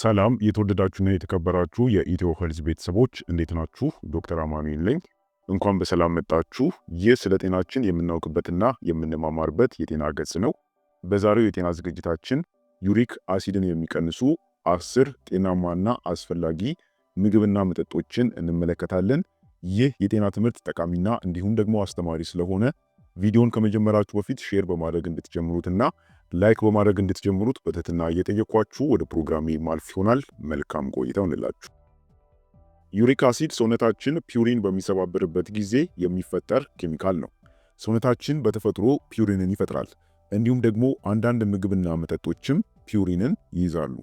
ሰላም የተወደዳችሁና የተከበራችሁ የኢትዮ ሄልዝ ቤተሰቦች እንዴት ናችሁ? ዶክተር አማኑኤል ነኝ። እንኳን በሰላም መጣችሁ። ይህ ስለ ጤናችን የምናውቅበትና የምንማማርበት የጤና ገጽ ነው። በዛሬው የጤና ዝግጅታችን ዩሪክ አሲድን የሚቀንሱ አስር ጤናማና አስፈላጊ ምግብና መጠጦችን እንመለከታለን። ይህ የጤና ትምህርት ጠቃሚና እንዲሁም ደግሞ አስተማሪ ስለሆነ ቪዲዮን ከመጀመራችሁ በፊት ሼር በማድረግ እንድትጀምሩትና ላይክ በማድረግ እንድትጀምሩት በትህትና እየጠየኳችሁ ወደ ፕሮግራሜ ማልፍ ይሆናል። መልካም ቆይታ ይሁንላችሁ። ዩሪክ አሲድ ሰውነታችን ፒውሪን በሚሰባብርበት ጊዜ የሚፈጠር ኬሚካል ነው። ሰውነታችን በተፈጥሮ ፒውሪንን ይፈጥራል። እንዲሁም ደግሞ አንዳንድ ምግብና መጠጦችም ፒውሪንን ይይዛሉ።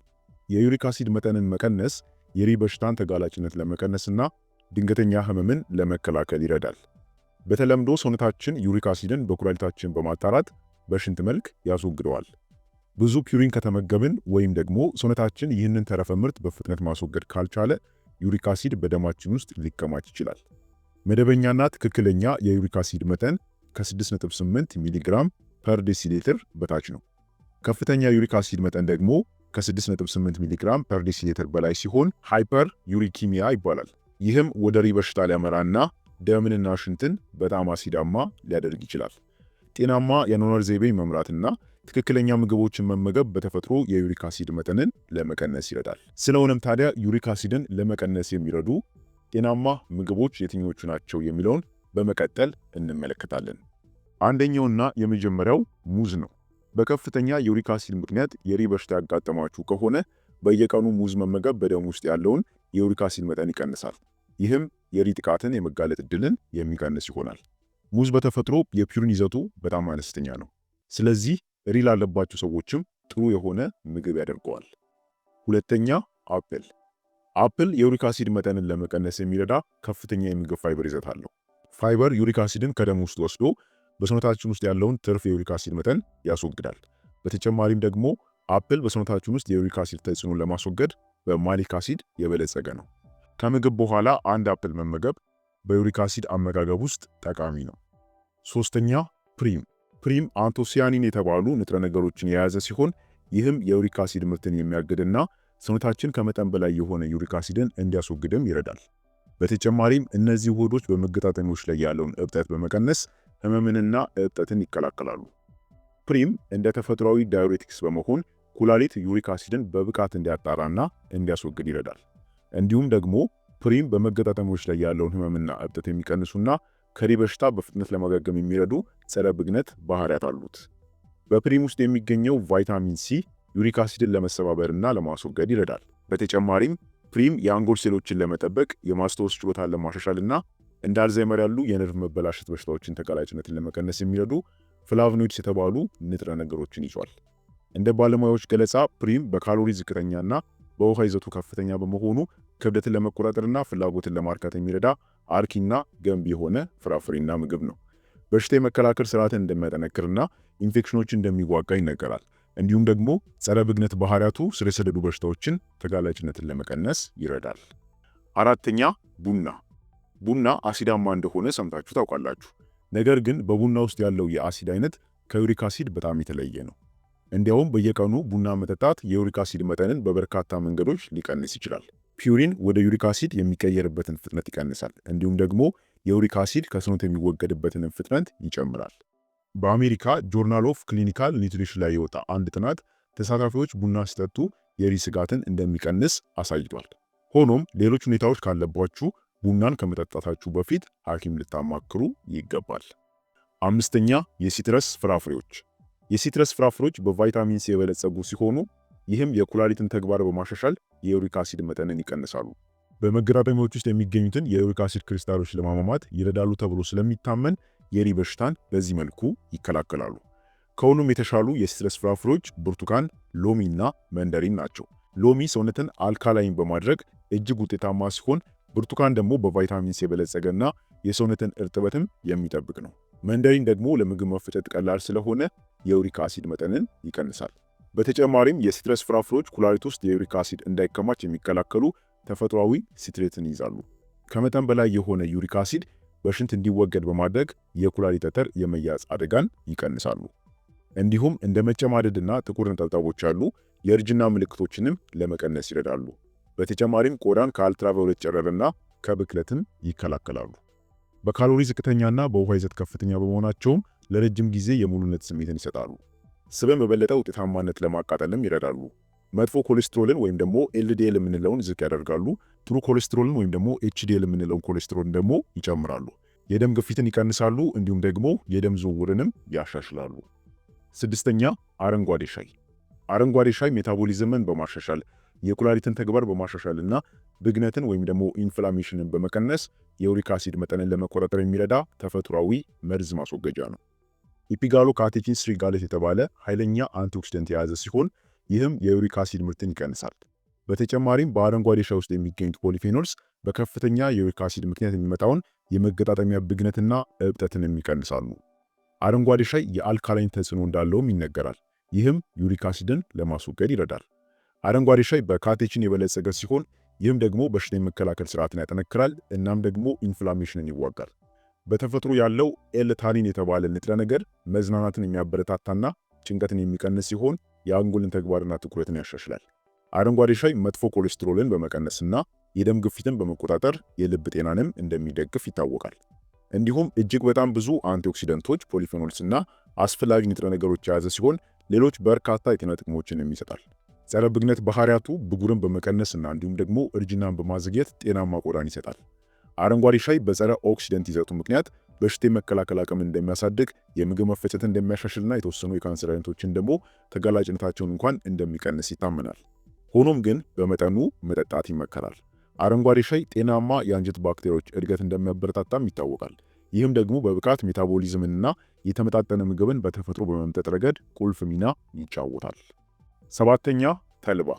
የዩሪክ አሲድ መጠንን መቀነስ የሪ በሽታን ተጋላጭነት ለመቀነስና ድንገተኛ ህመምን ለመከላከል ይረዳል። በተለምዶ ሰውነታችን ዩሪክ አሲድን በኩላሊታችን በማጣራት በሽንት መልክ ያስወግደዋል። ብዙ ፒሪን ከተመገብን ወይም ደግሞ ሰውነታችን ይህንን ተረፈ ምርት በፍጥነት ማስወገድ ካልቻለ ዩሪክ አሲድ በደማችን ውስጥ ሊከማች ይችላል። መደበኛና ትክክለኛ የዩሪክ አሲድ መጠን ከ6.8 ሚሊግራም ፐር ዴሲሊትር በታች ነው። ከፍተኛ ዩሪክ አሲድ መጠን ደግሞ ከ6.8 ሚሊግራም ፐር ዴሲሊትር በላይ ሲሆን ሃይፐር ዩሪኪሚያ ይባላል። ይህም ወደ ሪህ በሽታ ሊያመራና ደምንና ሽንትን በጣም አሲዳማ ሊያደርግ ይችላል። ጤናማ የአኗኗር ዘይቤ መምራትና ትክክለኛ ምግቦችን መመገብ በተፈጥሮ የዩሪክ አሲድ መጠንን ለመቀነስ ይረዳል። ስለሆነም ታዲያ ዩሪክ አሲድን ለመቀነስ የሚረዱ ጤናማ ምግቦች የትኞቹ ናቸው የሚለውን በመቀጠል እንመለከታለን። አንደኛውና የመጀመሪያው ሙዝ ነው። በከፍተኛ የዩሪክ አሲድ ምክንያት የሪ በሽታ ያጋጠማችሁ ከሆነ በየቀኑ ሙዝ መመገብ በደም ውስጥ ያለውን የዩሪክ አሲድ መጠን ይቀንሳል። ይህም የሪ ጥቃትን የመጋለጥ እድልን የሚቀንስ ይሆናል። ሙዝ በተፈጥሮ የፒሪን ይዘቱ በጣም አነስተኛ ነው። ስለዚህ ሪል ላለባቸው ሰዎችም ጥሩ የሆነ ምግብ ያደርገዋል። ሁለተኛ አፕል። አፕል የዩሪክ አሲድ መጠንን ለመቀነስ የሚረዳ ከፍተኛ የምግብ ፋይበር ይዘት አለው። ፋይበር ዩሪክ አሲድን ከደም ውስጥ ወስዶ በሰውነታችን ውስጥ ያለውን ትርፍ የዩሪክ አሲድ መጠን ያስወግዳል። በተጨማሪም ደግሞ አፕል በሰውነታችን ውስጥ የዩሪክ አሲድ ተጽዕኖ ለማስወገድ በማሊክ አሲድ የበለጸገ ነው። ከምግብ በኋላ አንድ አፕል መመገብ በዩሪክ አሲድ አመጋገብ ውስጥ ጠቃሚ ነው። ሶስተኛ ፕሪም ፕሪም አንቶሲያኒን የተባሉ ንጥረ ነገሮችን የያዘ ሲሆን ይህም የዩሪክ አሲድ ምርትን የሚያግድና ሰውነታችን ከመጠን በላይ የሆነ ዩሪክ አሲድን እንዲያስወግድም ይረዳል። በተጨማሪም እነዚህ ውህዶች በመገጣጠሚያዎች ላይ ያለውን እብጠት በመቀነስ ህመምንና እብጠትን ይከላከላሉ። ፕሪም እንደ ተፈጥሯዊ ዳዩሬቲክስ በመሆን ኩላሊት ዩሪክ አሲድን በብቃት እንዲያጣራና እንዲያስወግድ ይረዳል። እንዲሁም ደግሞ ፕሪም በመገጣጠሚያዎች ላይ ያለውን ህመምና እብጠት የሚቀንሱና ከሪህ በሽታ በፍጥነት ለማገገም የሚረዱ ጸረ ብግነት ባህሪያት አሉት። በፕሪም ውስጥ የሚገኘው ቫይታሚን ሲ ዩሪክ አሲድን ለመሰባበር እና ለማስወገድ ይረዳል። በተጨማሪም ፕሪም የአንጎል ሴሎችን ለመጠበቅ የማስታወስ ችሎታን ለማሻሻል እንደ አልዛይመር ያሉ የነርቭ መበላሸት በሽታዎችን ተጋላጭነትን ለመቀነስ የሚረዱ ፍላቮኖይድስ የተባሉ ንጥረ ነገሮችን ይዟል። እንደ ባለሙያዎች ገለጻ ፕሪም በካሎሪ ዝቅተኛና በውሃ ይዘቱ ከፍተኛ በመሆኑ ክብደትን ለመቆጣጠርና ፍላጎትን ለማርካት የሚረዳ አርኪና ገንቢ የሆነ ፍራፍሬና ምግብ ነው። በሽታ የመከላከል ስርዓትን እንደሚያጠነክርና ኢንፌክሽኖችን እንደሚዋጋ ይነገራል። እንዲሁም ደግሞ ጸረ ብግነት ባህሪያቱ ስር የሰደዱ በሽታዎችን ተጋላጭነትን ለመቀነስ ይረዳል። አራተኛ ቡና። ቡና አሲዳማ እንደሆነ ሰምታችሁ ታውቃላችሁ። ነገር ግን በቡና ውስጥ ያለው የአሲድ አይነት ከዩሪክ አሲድ በጣም የተለየ ነው። እንዲያውም በየቀኑ ቡና መጠጣት የዩሪክ አሲድ መጠንን በበርካታ መንገዶች ሊቀንስ ይችላል። ፒውሪን ወደ ዩሪክ አሲድ የሚቀየርበትን ፍጥነት ይቀንሳል። እንዲሁም ደግሞ የዩሪክ አሲድ ከሰውነት የሚወገድበትንም ፍጥነት ይጨምራል። በአሜሪካ ጆርናል ኦፍ ክሊኒካል ኒውትሪሽን ላይ የወጣ አንድ ጥናት ተሳታፊዎች ቡና ሲጠጡ የሪ ስጋትን እንደሚቀንስ አሳይቷል። ሆኖም ሌሎች ሁኔታዎች ካለባችሁ ቡናን ከመጠጣታችሁ በፊት ሐኪም ልታማክሩ ይገባል። አምስተኛ የሲትረስ ፍራፍሬዎች። የሲትረስ ፍራፍሬዎች በቫይታሚን ሲ የበለጸጉ ሲሆኑ ይህም የኩላሊትን ተግባር በማሻሻል የዩሪክ አሲድ መጠንን ይቀንሳሉ። በመገጣጠሚያዎች ውስጥ የሚገኙትን የዩሪክ አሲድ ክሪስታሎች ለማሟሟት ይረዳሉ ተብሎ ስለሚታመን የሪ በሽታን በዚህ መልኩ ይከላከላሉ። ከሁሉም የተሻሉ የሲትረስ ፍራፍሬዎች ብርቱካን፣ ሎሚ እና መንደሪን ናቸው። ሎሚ ሰውነትን አልካላይን በማድረግ እጅግ ውጤታማ ሲሆን ብርቱካን ደግሞ በቫይታሚንስ የበለጸገና የሰውነትን እርጥበትም የሚጠብቅ ነው። መንደሪን ደግሞ ለምግብ መፈጨት ቀላል ስለሆነ የዩሪክ አሲድ መጠንን ይቀንሳል። በተጨማሪም የሲትረስ ፍራፍሬዎች ኩላሊት ውስጥ የዩሪክ አሲድ እንዳይከማች የሚከላከሉ ተፈጥሯዊ ሲትሬትን ይይዛሉ። ከመጠን በላይ የሆነ ዩሪክ አሲድ በሽንት እንዲወገድ በማድረግ የኩላሊት ጠጠር የመያዝ አደጋን ይቀንሳሉ። እንዲሁም እንደ መጨማደድና ጥቁር ነጠብጣቦች ያሉ የእርጅና ምልክቶችንም ለመቀነስ ይረዳሉ። በተጨማሪም ቆዳን ከአልትራቫዮሌት ጨረርና ከብክለትም ይከላከላሉ። በካሎሪ ዝቅተኛና በውሃ ይዘት ከፍተኛ በመሆናቸውም ለረጅም ጊዜ የሙሉነት ስሜትን ይሰጣሉ። ስብን በበለጠ ውጤታማነት ለማቃጠልም ይረዳሉ። መጥፎ ኮሌስትሮልን ወይም ደግሞ ኤልዲኤል የምንለውን ዝቅ ያደርጋሉ። ትሩ ኮሌስትሮልን ወይም ደግሞ ኤችዲኤል የምንለውን ኮሌስትሮልን ደግሞ ይጨምራሉ። የደም ግፊትን ይቀንሳሉ፣ እንዲሁም ደግሞ የደም ዝውውርንም ያሻሽላሉ። ስድስተኛ አረንጓዴ ሻይ። አረንጓዴ ሻይ ሜታቦሊዝምን በማሻሻል የኩላሊትን ተግባር በማሻሻልና ብግነትን ወይም ደግሞ ኢንፍላሜሽንን በመቀነስ የዩሪክ አሲድ መጠንን ለመቆጣጠር የሚረዳ ተፈጥሯዊ መርዝ ማስወገጃ ነው። ኤፒጋሎ ካቴኪንስ የተባለ ኃይለኛ አንቲኦክሲደንት የያዘ ሲሆን ይህም የዩሪክ አሲድ ምርትን ይቀንሳል። በተጨማሪም በአረንጓዴ ሻይ ውስጥ የሚገኙት ፖሊፌኖልስ በከፍተኛ የዩሪክ አሲድ ምክንያት የሚመጣውን የመገጣጠሚያ ብግነትና እብጠትን ይቀንሳሉ። አረንጓዴ ሻይ የአልካላይን ተጽዕኖ እንዳለውም ይነገራል። ይህም ዩሪክ አሲድን ለማስወገድ ይረዳል። አረንጓዴ ሻይ በካቴቺን የበለጸገ ሲሆን ይህም ደግሞ በሽታ የመከላከል ስርዓትን ያጠነክራል እናም ደግሞ ኢንፍላሜሽንን ይዋጋል። በተፈጥሮ ያለው ኤልታኒን የተባለ ንጥረ ነገር መዝናናትን የሚያበረታታና ጭንቀትን የሚቀንስ ሲሆን የአንጎልን ተግባርና ትኩረትን ያሻሽላል። አረንጓዴ ሻይ መጥፎ ኮሌስትሮልን በመቀነስና የደም ግፊትን በመቆጣጠር የልብ ጤናንም እንደሚደግፍ ይታወቃል። እንዲሁም እጅግ በጣም ብዙ አንቲኦክሲደንቶች፣ ፖሊፌኖልስና አስፈላጊ ንጥረ ነገሮች የያዘ ሲሆን ሌሎች በርካታ የጤና ጥቅሞችን ይሰጣል። ጸረ ብግነት ባህሪያቱ ብጉርን በመቀነስና እንዲሁም ደግሞ እርጅናን በማዘግየት ጤናማ ቆዳን ይሰጣል። አረንጓዴ ሻይ በጸረ ኦክሲደንት ይዘቱ ምክንያት በሽታ የመከላከል አቅም እንደሚያሳድግ፣ የምግብ መፈጨትን እንደሚያሻሽልና የተወሰኑ የካንሰር አይነቶችን ደግሞ ተጋላጭነታቸውን እንኳን እንደሚቀንስ ይታመናል። ሆኖም ግን በመጠኑ መጠጣት ይመከራል። አረንጓዴ ሻይ ጤናማ የአንጀት ባክቴሪያዎች እድገት እንደሚያበረታታም ይታወቃል። ይህም ደግሞ በብቃት ሜታቦሊዝምንና የተመጣጠነ ምግብን በተፈጥሮ በመምጠጥ ረገድ ቁልፍ ሚና ይጫወታል። ሰባተኛ ተልባ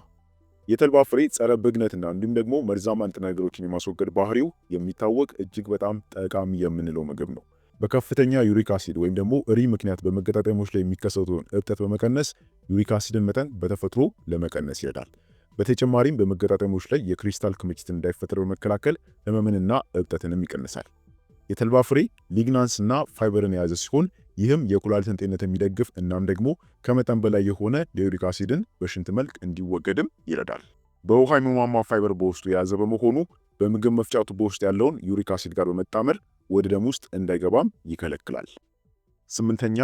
የተልባ ፍሬ ጸረ ብግነትና እንዲሁም ደግሞ መርዛማ ንጥረ ነገሮችን የማስወገድ ባህሪው የሚታወቅ እጅግ በጣም ጠቃሚ የምንለው ምግብ ነው። በከፍተኛ ዩሪክ አሲድ ወይም ደግሞ እሪ ምክንያት በመገጣጠሚያዎች ላይ የሚከሰቱን እብጠት በመቀነስ ዩሪክ አሲድን መጠን በተፈጥሮ ለመቀነስ ይረዳል። በተጨማሪም በመገጣጠሚያዎች ላይ የክሪስታል ክምችት እንዳይፈጠር በመከላከል ህመምንና እብጠትንም ይቀንሳል። የተልባ ፍሬ ሊግናንስ እና ፋይበርን የያዘ ሲሆን ይህም የኩላሊትን ጤንነት የሚደግፍ እናም ደግሞ ከመጠን በላይ የሆነ የዩሪክ አሲድን በሽንት መልክ እንዲወገድም ይረዳል። በውሃ የሚሟሟ ፋይበር በውስጡ የያዘ በመሆኑ በምግብ መፍጫ ቱቦ ውስጥ ያለውን ዩሪክ አሲድ ጋር በመጣመር ወደ ደም ውስጥ እንዳይገባም ይከለክላል። ስምንተኛ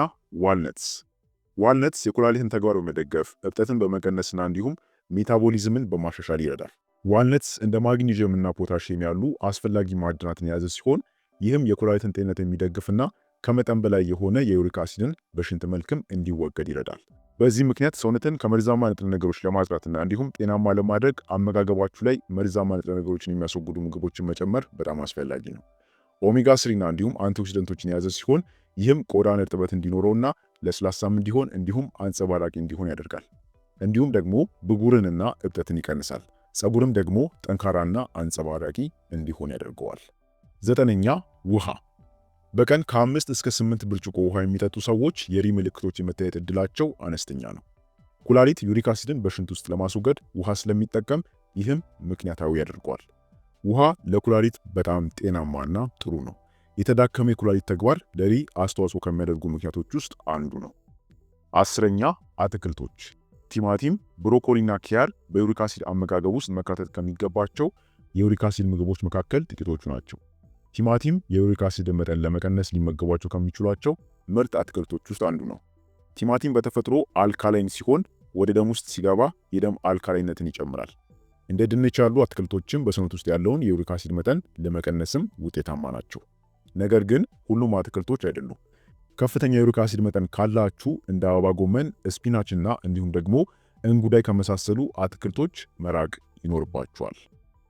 ዋልነትስ። ዋልነትስ የኩላሊትን ተግባር በመደገፍ እብጠትን በመቀነስና እንዲሁም ሜታቦሊዝምን በማሻሻል ይረዳል። ዋልነትስ እንደ ማግኒዥየምና ፖታሽየም ያሉ አስፈላጊ ማዕድናትን የያዘ ሲሆን ይህም የኩላሊትን ጤንነት የሚደግፍና ከመጠን በላይ የሆነ የዩሪክ አሲድን በሽንት መልክም እንዲወገድ ይረዳል። በዚህ ምክንያት ሰውነትን ከመርዛማ ንጥረ ነገሮች ለማጽዳትና እንዲሁም ጤናማ ለማድረግ አመጋገባችሁ ላይ መርዛማ ንጥረ ነገሮችን የሚያስወግዱ ምግቦችን መጨመር በጣም አስፈላጊ ነው። ኦሜጋ ስሪና እንዲሁም አንቲኦክሲደንቶችን የያዘ ሲሆን ይህም ቆዳን እርጥበት እንዲኖረውና ለስላሳም እንዲሆን እንዲሁም አንጸባራቂ እንዲሆን ያደርጋል። እንዲሁም ደግሞ ብጉርንና እብጠትን ይቀንሳል። ጸጉርም ደግሞ ጠንካራና አንጸባራቂ እንዲሆን ያደርገዋል። ዘጠነኛ ውሃ በቀን ከአምስት እስከ ስምንት ብርጭቆ ውሃ የሚጠጡ ሰዎች የሪ ምልክቶች የመታየት እድላቸው አነስተኛ ነው። ኩላሊት ዩሪክ አሲድን በሽንት ውስጥ ለማስወገድ ውሃ ስለሚጠቀም ይህም ምክንያታዊ ያደርገዋል። ውሃ ለኩላሊት በጣም ጤናማና ጥሩ ነው። የተዳከመ የኩላሊት ተግባር ለሪ አስተዋጽኦ ከሚያደርጉ ምክንያቶች ውስጥ አንዱ ነው። አስረኛ አትክልቶች ቲማቲም፣ ብሮኮሊና ኪያር በዩሪክ አሲድ አመጋገብ ውስጥ መካተት ከሚገባቸው የዩሪክ አሲድ ምግቦች መካከል ጥቂቶቹ ናቸው። ቲማቲም የዩሪክ አሲድ መጠን ለመቀነስ ሊመገቧቸው ከሚችሏቸው ምርጥ አትክልቶች ውስጥ አንዱ ነው። ቲማቲም በተፈጥሮ አልካላይን ሲሆን ወደ ደም ውስጥ ሲገባ የደም አልካላይነትን ይጨምራል። እንደ ድንች ያሉ አትክልቶችም በሰውነት ውስጥ ያለውን የዩሪክ አሲድ መጠን ለመቀነስም ውጤታማ ናቸው። ነገር ግን ሁሉም አትክልቶች አይደሉም። ከፍተኛ የዩሪክ አሲድ መጠን ካላችሁ እንደ አበባ ጎመን፣ ስፒናች እና እንዲሁም ደግሞ እንጉዳይ ከመሳሰሉ አትክልቶች መራቅ ይኖርባችኋል።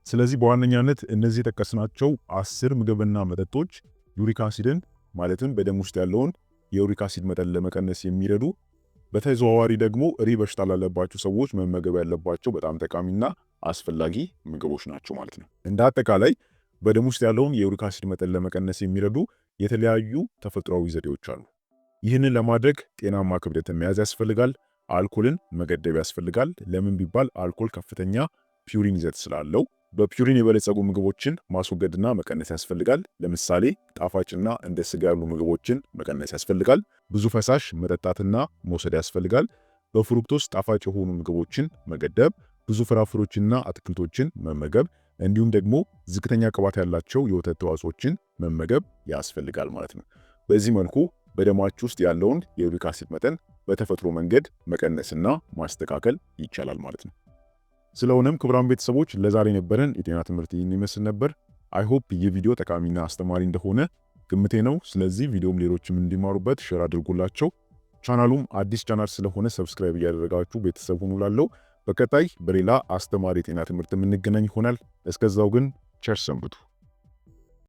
ስለዚህ በዋነኛነት እነዚህ የጠቀስናቸው አስር ምግብና መጠጦች ዩሪክ አሲድን ማለትም በደም ውስጥ ያለውን የዩሪክ አሲድ መጠን ለመቀነስ የሚረዱ በተዘዋዋሪ ደግሞ እሪ በሽታ ላለባቸው ሰዎች መመገብ ያለባቸው በጣም ጠቃሚና አስፈላጊ ምግቦች ናቸው ማለት ነው። እንደ አጠቃላይ በደም ውስጥ ያለውን የዩሪክ አሲድ መጠን ለመቀነስ የሚረዱ የተለያዩ ተፈጥሯዊ ዘዴዎች አሉ። ይህንን ለማድረግ ጤናማ ክብደትን መያዝ ያስፈልጋል። አልኮልን መገደብ ያስፈልጋል። ለምን ቢባል አልኮል ከፍተኛ ፒውሪን ይዘት ስላለው በፒውሪን የበለጸጉ ምግቦችን ማስወገድና መቀነስ ያስፈልጋል። ለምሳሌ ጣፋጭና እንደ ስጋ ያሉ ምግቦችን መቀነስ ያስፈልጋል። ብዙ ፈሳሽ መጠጣትና መውሰድ ያስፈልጋል። በፍሩክቶስ ጣፋጭ የሆኑ ምግቦችን መገደብ፣ ብዙ ፍራፍሮችና አትክልቶችን መመገብ እንዲሁም ደግሞ ዝቅተኛ ቅባት ያላቸው የወተት ተዋጽኦችን መመገብ ያስፈልጋል ማለት ነው። በዚህ መልኩ በደማች ውስጥ ያለውን የዩሪክ አሲድ መጠን በተፈጥሮ መንገድ መቀነስና ማስተካከል ይቻላል ማለት ነው። ስለሆነም ክቡራን ቤተሰቦች ለዛሬ ነበረን የጤና ትምህርት ይህን ይመስል ነበር። ሆፕ ይህ ቪዲዮ ጠቃሚና አስተማሪ እንደሆነ ግምቴ ነው። ስለዚህ ቪዲዮም ሌሎችም እንዲማሩበት ሼር አድርጉላቸው። ቻናሉም አዲስ ቻናል ስለሆነ ሰብስክራይብ እያደረጋችሁ ቤተሰብ ሁኑ ላለው በቀጣይ በሌላ አስተማሪ የጤና ትምህርት የምንገናኝ ይሆናል። እስከዛው ግን ቸር ሰንብቱ።